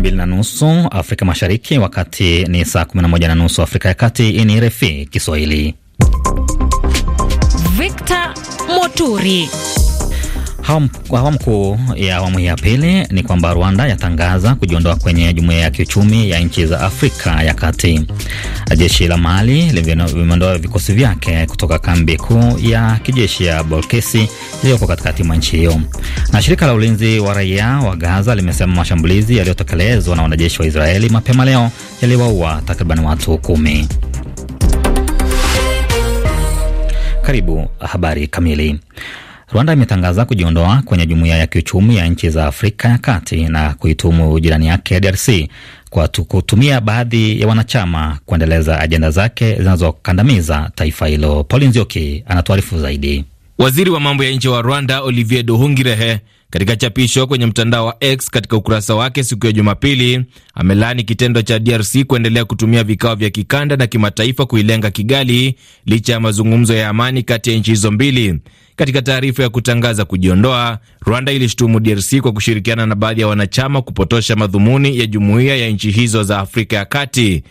mbili na nusu Afrika Mashariki, wakati ni saa kumi na moja na nusu Afrika ya Kati. Hii ni RFI Kiswahili. Victor Moturi Hawamkuu ya awamu ya pili ni kwamba Rwanda yatangaza kujiondoa kwenye jumuiya ya kiuchumi ya nchi za Afrika ya Kati. Jeshi la Mali limeondoa vikosi vyake kutoka kambi kuu ya kijeshi ya Bolkesi iliyoko katikati mwa nchi hiyo. Na shirika la ulinzi wa raia wa Gaza limesema mashambulizi yaliyotekelezwa na wanajeshi wa Israeli mapema leo yaliwaua takriban watu kumi. Karibu habari kamili. Rwanda imetangaza kujiondoa kwenye jumuiya ya kiuchumi ya nchi za Afrika ya Kati na kuitumu jirani yake DRC kwa kutumia baadhi ya wanachama kuendeleza ajenda zake zinazokandamiza taifa hilo. Paul Nzioki anatuarifu zaidi. Waziri wa mambo ya nje wa Rwanda Olivier Duhungirehe katika chapisho kwenye mtandao wa X katika ukurasa wake siku ya Jumapili, amelani kitendo cha DRC kuendelea kutumia vikao vya kikanda na kimataifa kuilenga Kigali licha ya mazungumzo ya amani kati ya nchi hizo mbili. Katika taarifa ya kutangaza kujiondoa, Rwanda ilishutumu DRC kwa kushirikiana na baadhi ya wanachama kupotosha madhumuni ya jumuiya ya nchi hizo za Afrika ya Kati.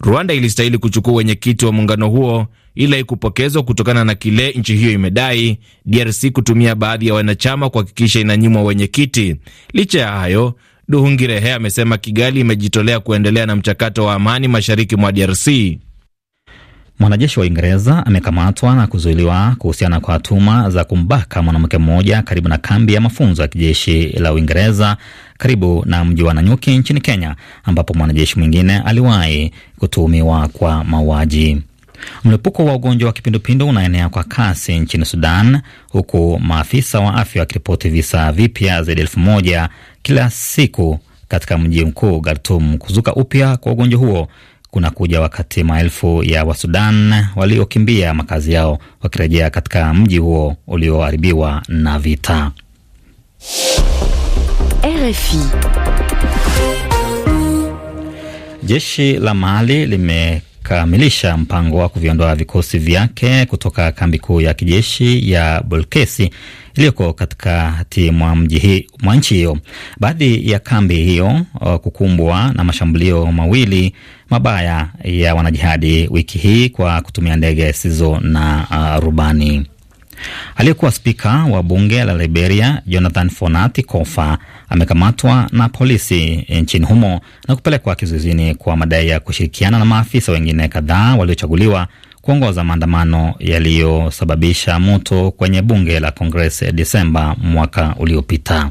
Rwanda ilistahili kuchukua wenyekiti wa muungano huo ila ikupokezwa kutokana na kile nchi hiyo imedai DRC kutumia baadhi ya wanachama kuhakikisha inanyimwa wenyekiti. Licha ya hayo, Duhungirehe amesema Kigali imejitolea kuendelea na mchakato wa amani mashariki mwa DRC. Mwanajeshi wa Uingereza amekamatwa na kuzuiliwa kuhusiana kwa hatuma za kumbaka mwanamke mmoja karibu na kambi ya mafunzo ya kijeshi la Uingereza karibu na mji wa Nanyuki nchini Kenya, ambapo mwanajeshi mwingine aliwahi kutuhumiwa kwa mauaji. Mlipuko wa ugonjwa wa kipindupindu unaenea kwa kasi nchini Sudan, huku maafisa wa afya wakiripoti visa vipya zaidi elfu moja kila siku katika mji mkuu Khartoum. Kuzuka upya kwa ugonjwa huo kuna kuja wakati maelfu ya Wasudan waliokimbia makazi yao wakirejea katika mji huo ulioharibiwa na vita. RFI. Jeshi la Mali lime kukamilisha mpango wa kuviondoa vikosi vyake kutoka kambi kuu ya kijeshi ya Bolkesi iliyoko katikati mwa nchi hiyo. Baadhi ya kambi hiyo uh, kukumbwa na mashambulio mawili mabaya ya wanajihadi wiki hii kwa kutumia ndege zisizo na uh, rubani. Aliyekuwa spika wa bunge la Liberia Jonathan Fonati Kofa amekamatwa na polisi nchini humo na kupelekwa kizuizini kwa madai ya kushirikiana na maafisa wengine kadhaa waliochaguliwa kuongoza maandamano yaliyosababisha moto kwenye bunge la Kongres Desemba mwaka uliopita.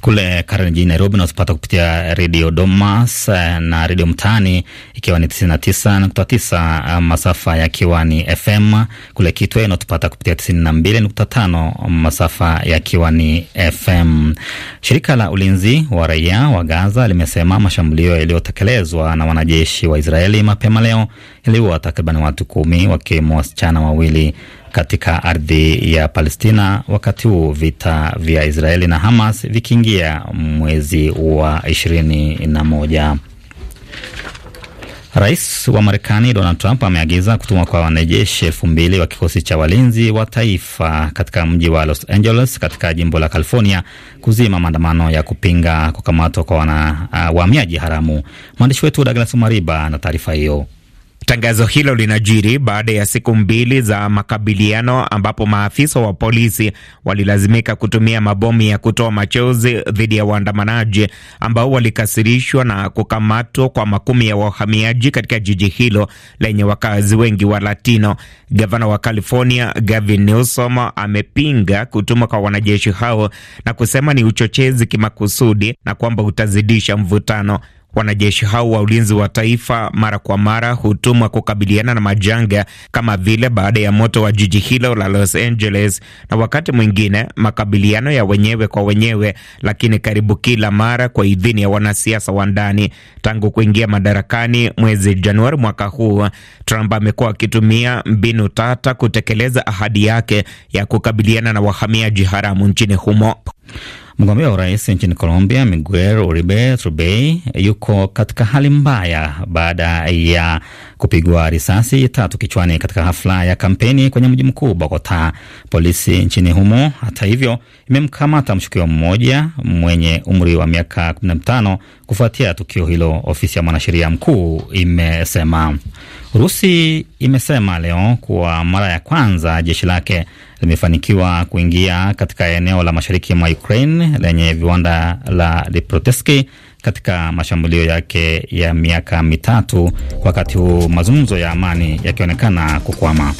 kule Karen jijini Nairobi, na kupitia redio Domas na redio Mtaani ikiwa ni 99.9 uh, masafa ya Kiwani FM. Kule Kitwe inatupata kupitia 92.5 masafa ya Kiwani FM. Shirika la ulinzi wa raia wa Gaza limesema mashambulio yaliyotekelezwa na wanajeshi wa Israeli mapema leo yaliua takriban watu kumi wakiwemo wasichana wawili katika ardhi ya Palestina, wakati huu vita vya Israeli na Hamas vikiingia mwezi wa ishirini na moja. Rais wa Marekani Donald Trump ameagiza kutumwa kwa wanajeshi elfu mbili wa kikosi cha walinzi wa taifa katika mji wa Los Angeles katika jimbo la California kuzima maandamano ya kupinga kukamatwa kwa uh, wahamiaji haramu. Mwandishi wetu Douglas Mariba ana taarifa hiyo. Tangazo hilo linajiri baada ya siku mbili za makabiliano ambapo maafisa wa polisi walilazimika kutumia mabomu ya kutoa machozi dhidi ya waandamanaji ambao walikasirishwa na kukamatwa kwa makumi ya wahamiaji katika jiji hilo lenye wakazi wengi wa Latino. Gavana wa California Gavin Newsom amepinga kutumwa kwa wanajeshi hao na kusema ni uchochezi kimakusudi na kwamba utazidisha mvutano. Wanajeshi hao wa ulinzi wa taifa mara kwa mara hutumwa kukabiliana na majanga kama vile baada ya moto wa jiji hilo la Los Angeles, na wakati mwingine makabiliano ya wenyewe kwa wenyewe, lakini karibu kila mara kwa idhini ya wanasiasa wa ndani. Tangu kuingia madarakani mwezi Januari mwaka huu, Trump amekuwa akitumia mbinu tata kutekeleza ahadi yake ya kukabiliana na wahamiaji haramu nchini humo. Mgombea wa urais nchini Colombia Miguel Uribe Turbey yuko katika hali mbaya baada ya kupigwa risasi tatu kichwani katika hafla ya kampeni kwenye mji mkuu Bogota. Polisi nchini humo, hata hivyo, imemkamata mshukiwa mmoja mwenye umri wa miaka 15 kufuatia tukio hilo, ofisi ya mwanasheria mkuu imesema. Urusi imesema leo kuwa mara ya kwanza jeshi lake limefanikiwa kuingia katika eneo la mashariki mwa Ukraine lenye viwanda la Liproteski katika mashambulio yake ya miaka mitatu, wakati huu mazungumzo ya amani yakionekana kukwama.